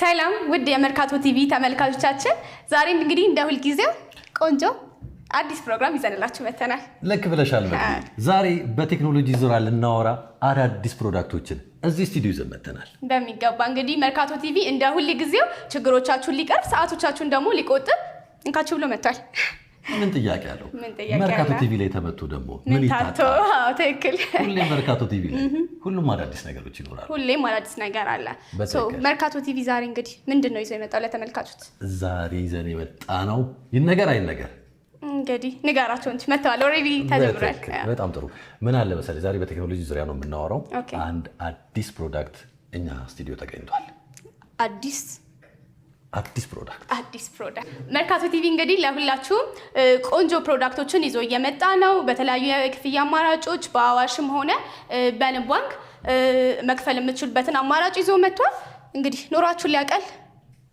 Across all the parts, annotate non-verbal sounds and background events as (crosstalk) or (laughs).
ሰላም ውድ የመርካቶ ቲቪ ተመልካቾቻችን፣ ዛሬ እንግዲህ እንደ ሁልጊዜው ቆንጆ አዲስ ፕሮግራም ይዘንላችሁ መተናል። ልክ ብለሻል። ዛሬ በቴክኖሎጂ ዙሪያ ልናወራ አዳዲስ ፕሮዳክቶችን እዚህ ስቱዲዮ ይዘን መተናል። በሚገባ እንግዲህ መርካቶ ቲቪ እንደ ሁልጊዜው ችግሮቻችሁን ሊቀርብ ሰዓቶቻችሁን ደግሞ ሊቆጥብ እንካችሁ ብሎ መጥቷል። ምን ጥያቄ አለው? መርካቶ ቲቪ ላይ ተመቶ ደግሞ ምን ይታጣል? ትክክል። ሁሌም መርካቶ ቲቪ ላይ ሁሉም አዳዲስ ነገሮች ይኖራሉ። ሁሌም አዳዲስ ነገር አለ። መርካቶ ቲቪ ዛሬ እንግዲህ ምንድን ነው ይዘው የመጣው ለተመልካቾች? ዛሬ ይዘን የመጣ ነው ይነገር አይነገር እንግዲህ ንገራቸው እንጂ መተዋል። ኦልሬዲ ተጀምሯል። በጣም ጥሩ። ምን አለ መሰለኝ ዛሬ በቴክኖሎጂ ዙሪያ ነው የምናወራው። አንድ አዲስ ፕሮዳክት እኛ ስቱዲዮ ተገኝቷል። አዲስ አዲስ ፕሮዳክት አዲስ ፕሮዳክት መርካቶ ቲቪ እንግዲህ ለሁላችሁም ቆንጆ ፕሮዳክቶችን ይዞ እየመጣ ነው። በተለያዩ የክፍያ አማራጮች በአዋሽም ሆነ በንብ ባንክ መክፈል የምትችሉበትን አማራጭ ይዞ መጥቷል። እንግዲህ ኑሯችሁን ሊያቀል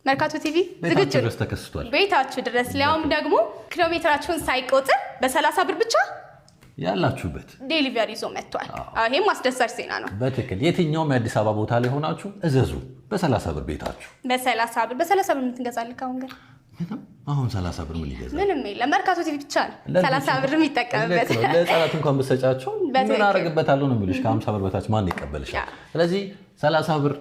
መርካቶ ቲቪ ዝግጁ ተከስቷል ቤታችሁ ድረስ ሊያውም ደግሞ ኪሎሜትራችሁን ሳይቆጥር በሰላሳ ብር ብቻ ያላችሁበት ዴሊቨሪ ይዞ መጥቷል። ይህም አስደሳች ዜና ነው። በትክክል የትኛውም የአዲስ አበባ ቦታ ላይ ሆናችሁ እዘዙ። በሰላሳ ብር ቤታችሁ በሰላሳ ብር በሰላሳ ብር የምትገዛል ከአሁን ግን አሁን ሰላሳ ብር ምን ይገዛል? ምንም የለም። መርካቶ ቲቪ ብቻ ነው ሰላሳ ብር የሚጠቀምበት። ለህፃናት እንኳን ብትሰጫቸው ምን አደርግበታለሁ ነው የሚሉሽ። ከሀምሳ ብር በታች ማን ይቀበልሻል? ስለዚህ ሰላሳ ብር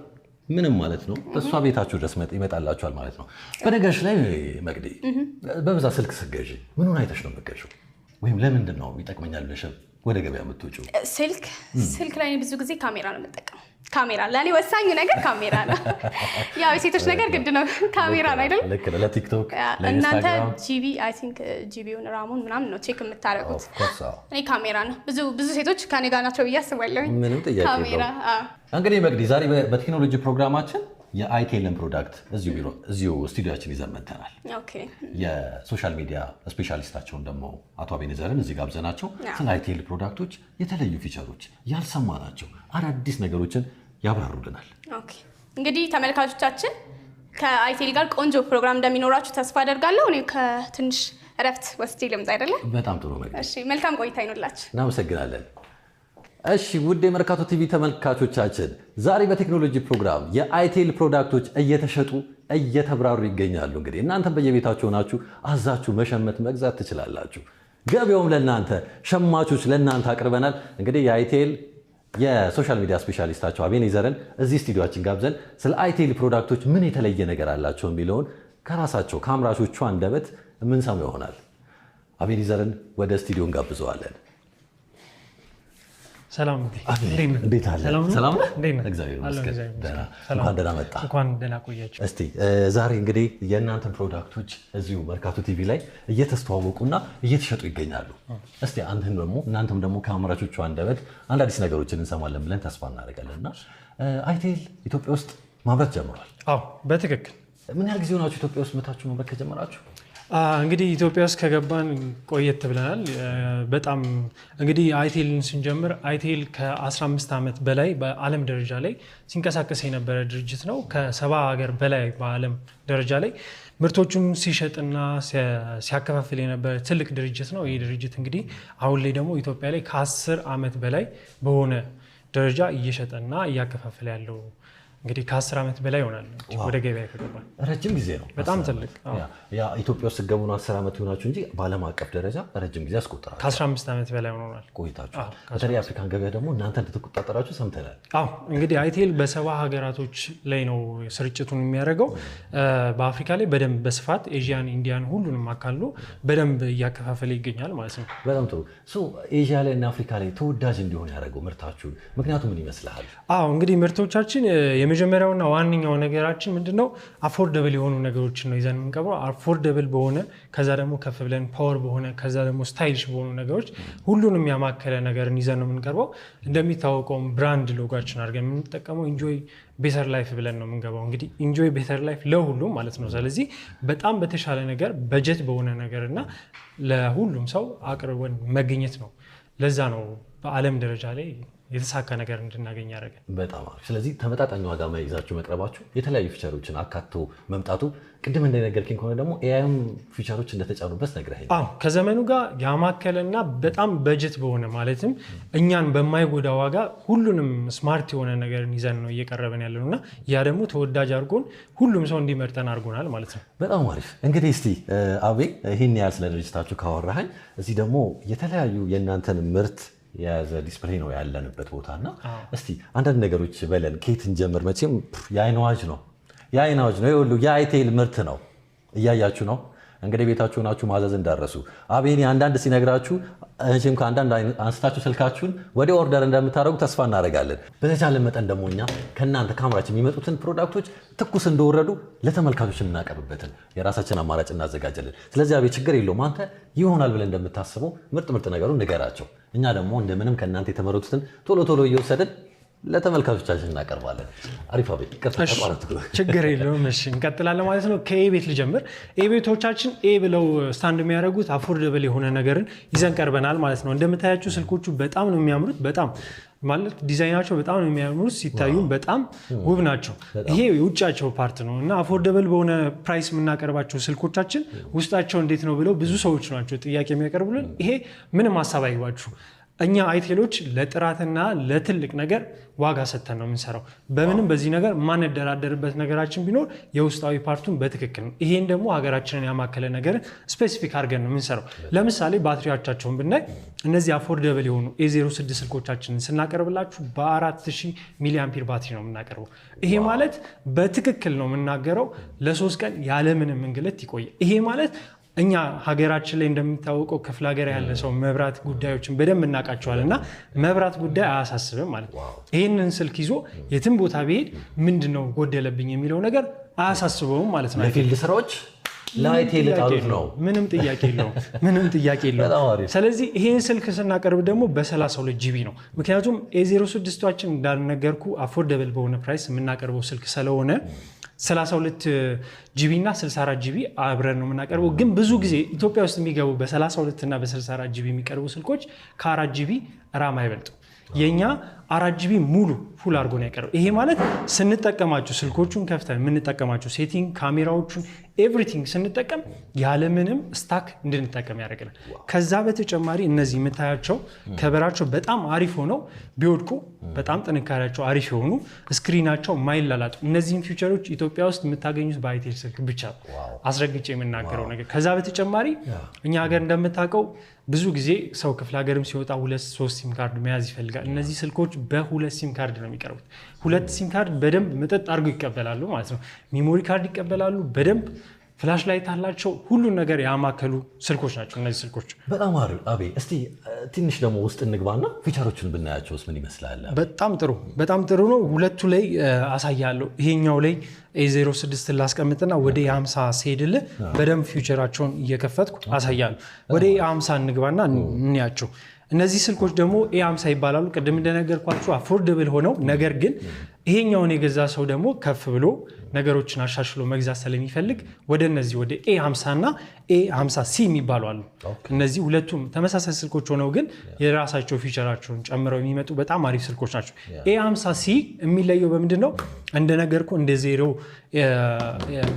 ምንም ማለት ነው። እሷ ቤታችሁ ድረስ ይመጣላችኋል ማለት ነው። በነገርሽ ላይ መቅዴ፣ በብዛት ስልክ ስትገዢ ምን ሆነ አይተሽ ነው የምትገዢው? ወይም ለምንድን ነው ይጠቅመኛል ብለሽ ወደ ገበያ የምትወጪው? ስልክ ስልክ ላይ ብዙ ጊዜ ካሜራ ነው የምጠቀመው። ካሜራ ለእኔ ወሳኝ ነገር ካሜራ ነው። (laughs) ያው የሴቶች ነገር ግድ ነው ካሜራ ነው አይደል? ለቲክቶክ እናንተ ጂቢ አይ ቲንክ ጂቢውን ራሙን ምናምን ነው ቼክ የምታደርጉት። እኔ ካሜራ ነው። ብዙ ብዙ ሴቶች ከኔ ጋር ናቸው ብዬ አስባለሁ። ምንም ጥያቄ ካሜራ እንግዲህ መግዲ ዛሬ በቴክኖሎጂ ፕሮግራማችን የአይቴልን ፕሮዳክት እዚሁ ስቱዲዮችን ይዘን መተናል። የሶሻል ሚዲያ ስፔሻሊስታቸውን ደግሞ አቶ አቤኔዘርን እዚህ ጋብዘናቸው ስለ አይቴል ፕሮዳክቶች የተለዩ ፊቸሮች ያልሰማናቸው አዳዲስ ነገሮችን ያብራሩልናል። እንግዲህ ተመልካቾቻችን ከአይቴል ጋር ቆንጆ ፕሮግራም እንደሚኖራችሁ ተስፋ አደርጋለሁ። እኔ ከትንሽ እረፍት ወስጄ ልምጣ አይደለም። በጣም ጥሩ መልካም ቆይታ ይኖላችሁ። እናመሰግናለን። እሺ ውድ የመርካቶ ቲቪ ተመልካቾቻችን ዛሬ በቴክኖሎጂ ፕሮግራም የአይቴል ፕሮዳክቶች እየተሸጡ እየተብራሩ ይገኛሉ። እንግዲህ እናንተም በየቤታችሁ ሆናችሁ አዛችሁ መሸመት መግዛት ትችላላችሁ። ገበያውም ለእናንተ ሸማቾች ለእናንተ አቅርበናል። እንግዲህ የአይቴል የሶሻል ሚዲያ ስፔሻሊስታቸው አቤኔዘርን እዚህ ስቱዲዮችን ጋብዘን ስለ አይቴል ፕሮዳክቶች ምን የተለየ ነገር አላቸው የሚለውን ከራሳቸው ከአምራቾቹ አንደበት የምንሰማው ይሆናል። አቤኔዘርን ወደ ስቱዲዮ እንጋብዘዋለን። ሰላም እንዴት አለ? ሰላም እንኳን ደህና መጣ። እንኳን ደህና ቆያችሁ። እስቲ ዛሬ እንግዲህ የእናንተን ፕሮዳክቶች እዚሁ መርካቶ ቲቪ ላይ እየተስተዋወቁና እየተሸጡ ይገኛሉ። እስቲ አንተም ደግሞ እናንተም ደግሞ ከአምራቾቹ አንደበት አንድ አዲስ ነገሮችን እንሰማለን ብለን ተስፋ እናደርጋለን እና አይቴል ኢትዮጵያ ውስጥ ማምረት ጀምሯል። አዎ በትክክል ምን ያህል ጊዜ ሆናችሁ ኢትዮጵያ ውስጥ መታችሁ ማምረት ከጀመራችሁ? እንግዲህ ኢትዮጵያ ውስጥ ከገባን ቆየት ብለናል። በጣም እንግዲህ አይቴልን ስንጀምር አይቴል ከ15 ዓመት በላይ በዓለም ደረጃ ላይ ሲንቀሳቀስ የነበረ ድርጅት ነው። ከሰባ ሀገር በላይ በዓለም ደረጃ ላይ ምርቶቹን ሲሸጥና ሲያከፋፍል የነበረ ትልቅ ድርጅት ነው። ይህ ድርጅት እንግዲህ አሁን ላይ ደግሞ ኢትዮጵያ ላይ ከ10 ዓመት በላይ በሆነ ደረጃ እየሸጠና እያከፋፈለ ያለው እንግዲህ ከአስር ዓመት በላይ ይሆናል ወደ ገበያ ከገባል ረጅም ጊዜ ነው። በጣም ትልቅ ኢትዮጵያ ውስጥ ገቡን አስር ዓመት ይሆናችሁ እንጂ በዓለም አቀፍ ደረጃ ረጅም ጊዜ አስቆጥራል። ከ15 ዓመት በላይ ሆኖናል ቆይታችሁ። በተለይ አፍሪካን ገበያ ደግሞ እናንተ እንደተቆጣጠራችሁ ሰምተናል። እንግዲህ አይቴል በሰባ ሀገራቶች ላይ ነው ስርጭቱን የሚያደርገው። በአፍሪካ ላይ በደንብ በስፋት ኤዥያን፣ ኢንዲያን ሁሉንም አካሉ በደንብ እያከፋፈለ ይገኛል ማለት ነው። በጣም ጥሩ። ኤዥያ ላይ እና አፍሪካ ላይ ተወዳጅ እንዲሆን ያደረገው ምርታችሁ ምክንያቱ ምን ይመስልሃል? እንግዲህ ምርቶቻችን የመጀመሪያውና ዋነኛው ነገራችን ምንድነው? አፎርደብል የሆኑ ነገሮችን ነው ይዘን የምንቀብረው። አፎርደብል በሆነ ከዛ ደግሞ ከፍ ብለን ፓወር በሆነ ከዛ ደግሞ ስታይልሽ በሆኑ ነገሮች ሁሉንም ያማከለ ነገርን ይዘን ነው የምንቀርበው። እንደሚታወቀውም ብራንድ ሎጋችን አድርገን የምንጠቀመው ኢንጆይ ቤተር ላይፍ ብለን ነው የምንገባው። እንግዲህ ኢንጆይ ቤተር ላይፍ ለሁሉም ማለት ነው። ስለዚህ በጣም በተሻለ ነገር በጀት በሆነ ነገር እና ለሁሉም ሰው አቅርበን መገኘት ነው። ለዛ ነው በዓለም ደረጃ ላይ የተሳካ ነገር እንድናገኝ ያደረገ በጣም አሪፍ። ስለዚህ ተመጣጣኝ ዋጋ መያዛችሁ መቅረባችሁ የተለያዩ ፊቸሮችን አካቶ መምጣቱ ቅድም እንደነገርከኝ ከሆነ ደግሞ ኤአይም ፊቸሮች እንደተጫኑበት ነግረኸኝ፣ ከዘመኑ ጋር ያማከለና በጣም በጀት በሆነ ማለትም እኛን በማይጎዳ ዋጋ ሁሉንም ስማርት የሆነ ነገርን ይዘን ነው እየቀረበን ያለ እና ያ ደግሞ ተወዳጅ አድርጎን ሁሉም ሰው እንዲመርጠን አድርጎናል ማለት ነው። በጣም አሪፍ። እንግዲህ እስቲ አቤ ይህን ያህል ስለ ድርጅታችሁ ካወራኸኝ እዚህ ደግሞ የተለያዩ የእናንተን ምርት የያዘ ዲስፕሌይ ነው ያለንበት ቦታ እና እስቲ አንዳንድ ነገሮች በለን ኬትን ጀምር መቼም የአይን ዋጅ ነው የአይን ነው ሁሉ የአይቴል ምርት ነው። እያያችሁ ነው እንግዲህ ቤታችሁ ናችሁ ማዘዝ እንዳረሱ አቤኔ አንዳንድ ሲነግራችሁ እሺም ከአንዳንድ አንስታችሁ ስልካችሁን ወደ ኦርደር እንደምታደርጉ ተስፋ እናደርጋለን። በተቻለ መጠን ደግሞ እኛ ከእናንተ ከአምራችን የሚመጡትን ፕሮዳክቶች ትኩስ እንደወረዱ ለተመልካቾች የምናቀርብበትን የራሳችን አማራጭ እናዘጋጃለን። ስለዚህ አቤት ችግር የለውም። አንተ ይሆናል ብለን እንደምታስበው ምርጥ ምርጥ ነገሩ ንገራቸው። እኛ ደግሞ እንደምንም ከእናንተ የተመረቱትን ቶሎ ቶሎ እየወሰድን ለተመልካቾቻችን እናቀርባለን። ቤት ቀጥ ችግር የለውም። እሺ እንቀጥላለን ማለት ነው። ከኤ ቤት ልጀምር። ኤ ቤቶቻችን ኤ ብለው ስታንድ የሚያደርጉት አፎርደብል የሆነ ነገርን ይዘን ቀርበናል ማለት ነው። እንደምታያቸው ስልኮቹ በጣም ነው የሚያምሩት። በጣም ማለት ዲዛይናቸው በጣም ነው የሚያምሩት፣ ሲታዩም በጣም ውብ ናቸው። ይሄ የውጫቸው ፓርት ነው እና አፎርደብል በሆነ ፕራይስ የምናቀርባቸው ስልኮቻችን ውስጣቸው እንዴት ነው ብለው ብዙ ሰዎች ናቸው ጥያቄ የሚያቀርቡልን። ይሄ ምንም ሀሳብ አይግባችሁ እኛ አይቴሎች ለጥራትና ለትልቅ ነገር ዋጋ ሰጥተን ነው የምንሰራው። በምንም በዚህ ነገር የማንደራደርበት ነገራችን ቢኖር የውስጣዊ ፓርቱን በትክክል ነው። ይሄን ደግሞ ሀገራችንን ያማከለ ነገር ስፔሲፊክ አድርገን ነው የምንሰራው። ለምሳሌ ባትሪዎቻቸውን ብናይ እነዚህ አፎርደብል የሆኑ ኤ06 ስልኮቻችንን ስናቀርብላችሁ በ4000 ሚሊአምፒር ባትሪ ነው የምናቀርበው። ይሄ ማለት በትክክል ነው የምናገረው ለሶስት ቀን ያለምንም እንግልት ይቆያል። ይሄ ማለት እኛ ሀገራችን ላይ እንደሚታወቀው ክፍለ ሀገር ያለ ሰው መብራት ጉዳዮችን በደንብ እናውቃቸዋል እና መብራት ጉዳይ አያሳስብም ማለት ነው። ይህንን ስልክ ይዞ የትም ቦታ ብሄድ ምንድን ነው ጎደለብኝ የሚለው ነገር አያሳስበውም ማለት ነው። ለፊልድ ስራዎች ላይት ልጣሉት ነው። ምንም ጥያቄ የለው፣ ምንም ጥያቄ የለውም። ስለዚህ ይህን ስልክ ስናቀርብ ደግሞ በ32 ጂቢ ነው። ምክንያቱም ኤ06ችን እንዳልነገርኩ አፎርደብል በሆነ ፕራይስ የምናቀርበው ስልክ ስለሆነ 32 ጂቢ እና 64 ጂቢ አብረን ነው የምናቀርበው። ግን ብዙ ጊዜ ኢትዮጵያ ውስጥ የሚገቡ በ32 እና በ64 ጂቢ የሚቀርቡ ስልኮች ከ4 ጂቢ ራም አይበልጡ የእኛ አራት ጂቢ ሙሉ ፉል አድርጎ ነው ያቀረው። ይሄ ማለት ስንጠቀማቸው ስልኮቹን ከፍተ የምንጠቀማቸው ሴቲንግ፣ ካሜራዎቹን ኤቭሪቲንግ ስንጠቀም ያለምንም ስታክ እንድንጠቀም ያደርገናል። ከዛ በተጨማሪ እነዚህ የምታያቸው ከበራቸው በጣም አሪፍ ሆነው ቢወድቁ በጣም ጥንካሬያቸው አሪፍ የሆኑ ስክሪናቸው ማይላላጡ እነዚህም ፊውቸሮች ኢትዮጵያ ውስጥ የምታገኙት በአይቴል ስልክ ብቻ አስረግጬ የምናገረው ነገር። ከዛ በተጨማሪ እኛ ሀገር እንደምታውቀው ብዙ ጊዜ ሰው ክፍለ ሀገርም ሲወጣ ሁለት ሶስት ሲም ካርድ መያዝ ይፈልጋል። እነዚህ ስልኮች በሁለት ሲም ካርድ ነው የሚቀርቡት። ሁለት ሲም ካርድ በደንብ መጠጥ አድርገው ይቀበላሉ ማለት ነው። ሜሞሪ ካርድ ይቀበላሉ በደንብ ፍላሽ ላይት አላቸው። ሁሉን ነገር ያማከሉ ስልኮች ናቸው እነዚህ ስልኮች። በጣም አሪፍ አቤ። እስቲ ትንሽ ደግሞ ውስጥ እንግባና ፊቸሮችን ብናያቸውስ ምን ይመስላል? በጣም ጥሩ በጣም ጥሩ ነው። ሁለቱ ላይ አሳያለሁ። ይሄኛው ላይ ኤ06 ላስቀምጥና ወደ የ50 ስሄድል በደንብ ፊቸራቸውን እየከፈትኩ አሳያለሁ። ወደ የ50 እንግባና እንያቸው። እነዚህ ስልኮች ደግሞ ኤ ሃምሳ ይባላሉ። ቅድም እንደነገርኳቸው አፎርደብል ሆነው ነገር ግን ይሄኛውን የገዛ ሰው ደግሞ ከፍ ብሎ ነገሮችን አሻሽሎ መግዛት ስለሚፈልግ ወደ እነዚህ ወደ ኤ 50 እና ኤ 50 ሲ የሚባሉ አሉ። እነዚህ ሁለቱም ተመሳሳይ ስልኮች ሆነው ግን የራሳቸው ፊቸራቸውን ጨምረው የሚመጡ በጣም አሪፍ ስልኮች ናቸው። ኤ 50 ሲ የሚለየው በምንድን ነው? እንደነገርኩ እንደ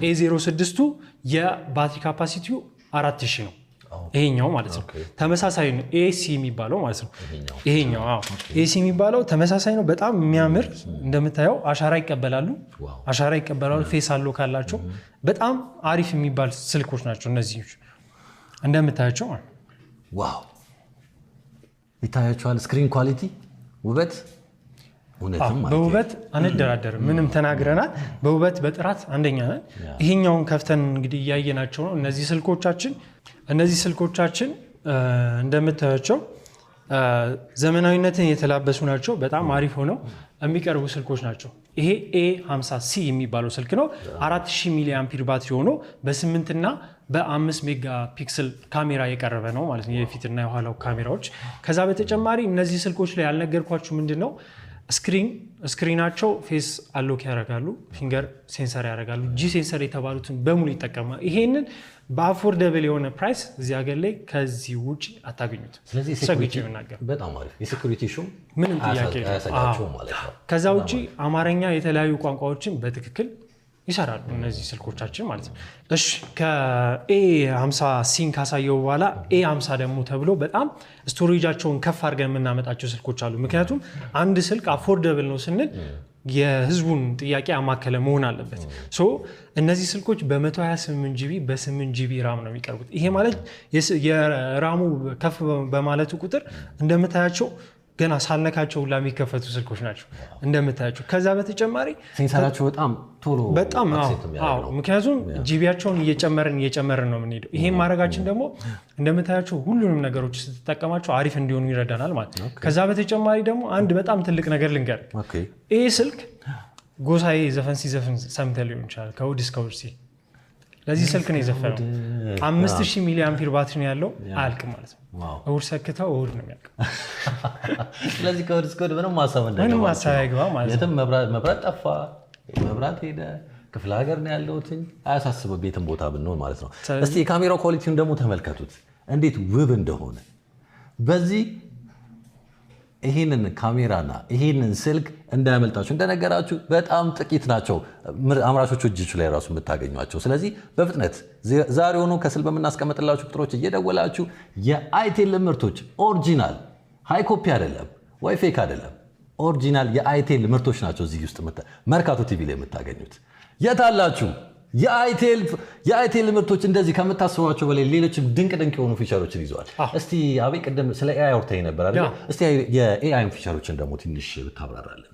ኤ 06ቱ የባትሪ ካፓሲቲው 4000 ነው። ይሄኛው ማለት ነው። ተመሳሳይ ነው ኤሲ የሚባለው ማለት ነው። ይሄኛው ኤሲ የሚባለው ተመሳሳይ ነው። በጣም የሚያምር እንደምታየው አሻራ ይቀበላሉ። አሻራ ይቀበላሉ። ፌስ አለው ካላቸው በጣም አሪፍ የሚባል ስልኮች ናቸው እነዚህ እንደምታያቸው። ዋው ይታያቸዋል። ስክሪን ኳሊቲ ውበት በውበት አንደራደር ምንም ተናግረናል። በውበት በጥራት አንደኛ ነን። ይሄኛውን ከፍተን እንግዲህ እያየናቸው ነው እነዚህ ስልኮቻችን እነዚህ ስልኮቻችን እንደምታያቸው ዘመናዊነትን የተላበሱ ናቸው። በጣም አሪፍ ሆነው የሚቀርቡ ስልኮች ናቸው። ይሄ ኤ 50 ሲ የሚባለው ስልክ ነው። 4000 ሚሊ አምፒር ባትሪ ሆኖ በ5 ሜጋ ፒክስል ካሜራ የቀረበ ነው ማለት ነው፣ የፊትና የኋላው ካሜራዎች። ከዛ በተጨማሪ እነዚህ ስልኮች ላይ ያልነገርኳችሁ ምንድን ነው ስክሪን ስክሪናቸው ፌስ አሎክ ያደርጋሉ፣ ፊንገር ሴንሰር ያደርጋሉ። ጂ ሴንሰር የተባሉትን በሙሉ ይጠቀማል። ይሄንን በአፎርደብል የሆነ ፕራይስ እዚህ ሀገር ላይ ከዚህ ውጭ አታገኙት። ምንም ጥያቄ ከዛ ውጭ አማርኛ የተለያዩ ቋንቋዎችን በትክክል ይሰራሉ እነዚህ ስልኮቻችን ማለት ነው። እሺ ከኤ 50 ሲን ካሳየው በኋላ ኤ 50 ደግሞ ተብሎ በጣም ስቶሬጃቸውን ከፍ አድርገን የምናመጣቸው ስልኮች አሉ። ምክንያቱም አንድ ስልክ አፎርደብል ነው ስንል የህዝቡን ጥያቄ አማከለ መሆን አለበት። እነዚህ ስልኮች በ128 ጂቢ በ8 ጂቢ ራም ነው የሚቀርቡት። ይሄ ማለት የራሙ ከፍ በማለቱ ቁጥር እንደምታያቸው ገና ሳነካቸው ሁላ የሚከፈቱ ስልኮች ናቸው እንደምታያቸው። ከዛ በተጨማሪ ሴንሰራቸው በጣም ቶሎ በጣም ምክንያቱም ጂቢያቸውን እየጨመርን እየጨመርን ነው የምንሄደው። ይሄም ማድረጋችን ደግሞ እንደምታያቸው ሁሉንም ነገሮች ስትጠቀማቸው አሪፍ እንዲሆኑ ይረዳናል ማለት ነው። ከዛ በተጨማሪ ደግሞ አንድ በጣም ትልቅ ነገር ልንገር፣ ይሄ ስልክ ጎሳዬ ዘፈን ሲዘፍን ሰምተ ሊሆን ይችላል ከውድ እስከ ውድ ለዚህ ስልክ ነው የዘፈነው። አምስት ሺህ ሚሊ አምፒር ባትሪ ነው ያለው። አልቅ ማለት ነው። እውድ ሰክተው እውድ ነው የሚያልቅ። (laughs) ስለዚህ ከእሑድ እስከ እሑድ ምንም ማሰብ ምንም ማሰብ አይገባ ማለት ነው። መብራት ጠፋ፣ መብራት ሄደ፣ ክፍለ ሀገር ነው ያለሁትኝ፣ አያሳስበ ቤትን ቦታ ብንሆን ማለት ነው። እስቲ የካሜራው ኳሊቲውን ደግሞ ተመልከቱት እንዴት ውብ እንደሆነ በዚህ ይህንን ካሜራና ይህንን ስልክ እንዳያመልጣችሁ። እንደነገራችሁ በጣም ጥቂት ናቸው አምራቾቹ እጅች ላይ ራሱ የምታገኟቸው። ስለዚህ በፍጥነት ዛሬውኑ ከስል በምናስቀምጥላችሁ ቁጥሮች እየደወላችሁ የአይቴል ምርቶች ኦሪጂናል ሃይ ኮፒ አይደለም ወይ ፌክ አይደለም፣ ኦሪጂናል የአይቴል ምርቶች ናቸው እዚህ ውስጥ መርካቶ ቲቪ ላይ የምታገኙት። የታላችሁ? የአይቴል ምርቶች እንደዚህ ከምታስባቸው በላይ ሌሎችም ድንቅ ድንቅ የሆኑ ፊቸሮችን ይዘዋል። እስቲ አቤ ቅድም ስለ ኤአይ አውርተኸኝ ነበር አይደል? እስቲ የኤአይን ፊቸሮችን ደግሞ ትንሽ ብታብራራለን።